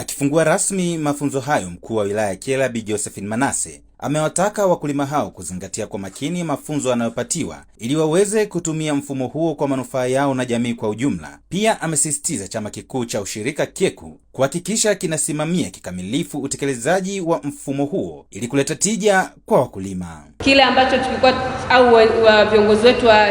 Akifungua rasmi mafunzo hayo, mkuu wa wilaya ya Kyela Bi Josephine Manase amewataka wakulima hao kuzingatia kwa makini mafunzo anayopatiwa ili waweze kutumia mfumo huo kwa manufaa yao na jamii kwa ujumla. Pia amesisitiza chama kikuu cha ushirika KYECU kuhakikisha kinasimamia kikamilifu utekelezaji wa mfumo huo ili kuleta tija kwa wakulima. Kile ambacho tulikuwa au viongozi wetu wa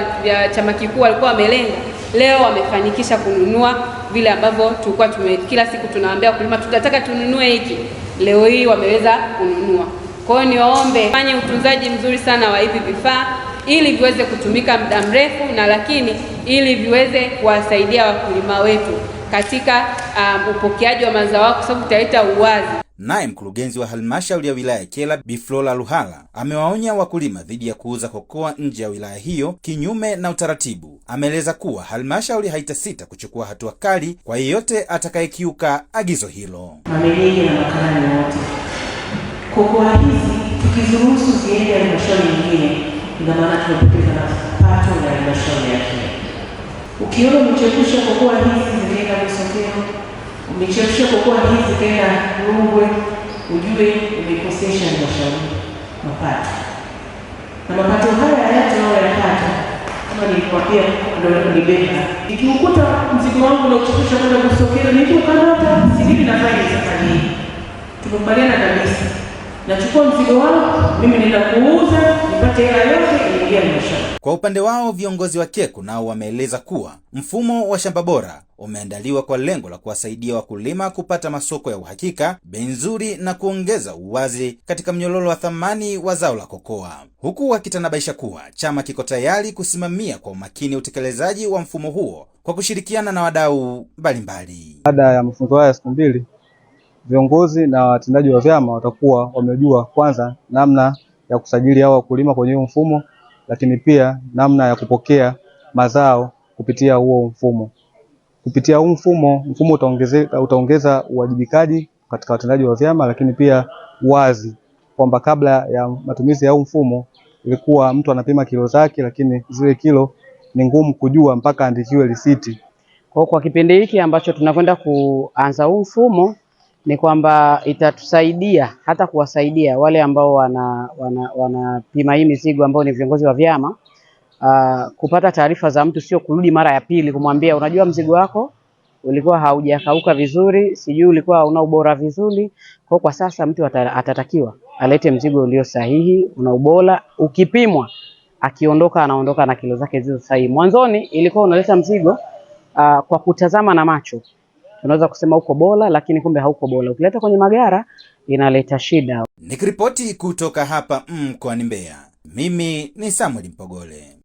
chama kikuu walikuwa wamelenga, leo wamefanikisha kununua vile ambavyo tulikuwa tume, kila siku tunawaambia wakulima tutataka tununue hiki, leo hii wameweza kununua. Kwa hiyo niwaombe fanye utunzaji mzuri sana wa hivi vifaa ili viweze kutumika muda mrefu na lakini ili viweze kuwasaidia wakulima wetu katika um, upokeaji wa mazao kwa sababu tutaleta uwazi. Naye mkurugenzi wa halmashauri ya wilaya ya Kyela Bi Flora Luhala amewaonya wakulima dhidi ya kuuza kokoa nje ya wilaya hiyo kinyume na utaratibu ameeleza kuwa halmashauri haitasita kuchukua hatua kali kwa yeyote atakayekiuka agizo hilo. Mamiliki na makarani wote ziende halmashauri nyingine, ina maana tunapoteza halmashauri yake. Ukiona umechepusha hizi umechepusha hizi zikaenda Rungwe, ujue umekosesha halmashauri mapato na mapato haya yato kwa pia ndio kunibeba. Nikiukuta mzigo wangu na uchukisha kwenda kusokera, nikukamata sijui nafanya safari hii. Tumekubaliana kabisa nachukua mzigo wao, mimi nenda kuuza nipate hela yote iingia maisha. Kwa upande wao viongozi wa KECU nao wameeleza kuwa mfumo wa shamba bora umeandaliwa kwa lengo la kuwasaidia wakulima kupata masoko ya uhakika, bei nzuri na kuongeza uwazi katika mnyororo wa thamani wa zao la kokoa, huku wakitanabaisha kuwa chama kiko tayari kusimamia kwa umakini utekelezaji wa mfumo huo kwa kushirikiana na wadau mbalimbali. Baada ya mafunzo haya siku mbili viongozi na watendaji wa vyama watakuwa wamejua kwanza namna ya kusajili hao wakulima kwenye huo mfumo, lakini pia namna ya kupokea mazao kupitia huo mfumo. Kupitia huu mfumo, mfumo utaongeza utaongeza uwajibikaji katika watendaji wa vyama, lakini pia wazi kwamba kabla ya matumizi ya huu mfumo ilikuwa mtu anapima kilo zake, lakini zile kilo ni ngumu kujua mpaka andikiwe risiti. Kwa kwa kipindi hiki ambacho tunakwenda kuanza huu mfumo ni kwamba itatusaidia hata kuwasaidia wale ambao wanapima wana, wana hii mizigo ambao ni viongozi wa vyama uh, kupata taarifa za mtu, sio kurudi mara ya pili kumwambia unajua, mzigo wako ulikuwa haujakauka vizuri, sijui ulikuwa una ubora vizuri. Kwa kwa sasa mtu atatakiwa alete mzigo ulio sahihi, una ubora, ukipimwa akiondoka anaondoka na kilo zake zilizo sahihi. Mwanzoni ilikuwa unaleta mzigo uh, kwa kutazama na macho tunaweza kusema uko bora, lakini kumbe hauko bora. Ukileta kwenye magara inaleta shida. Nikiripoti kutoka hapa mkoani mm, Mbeya, mimi ni Samuel Mpogole.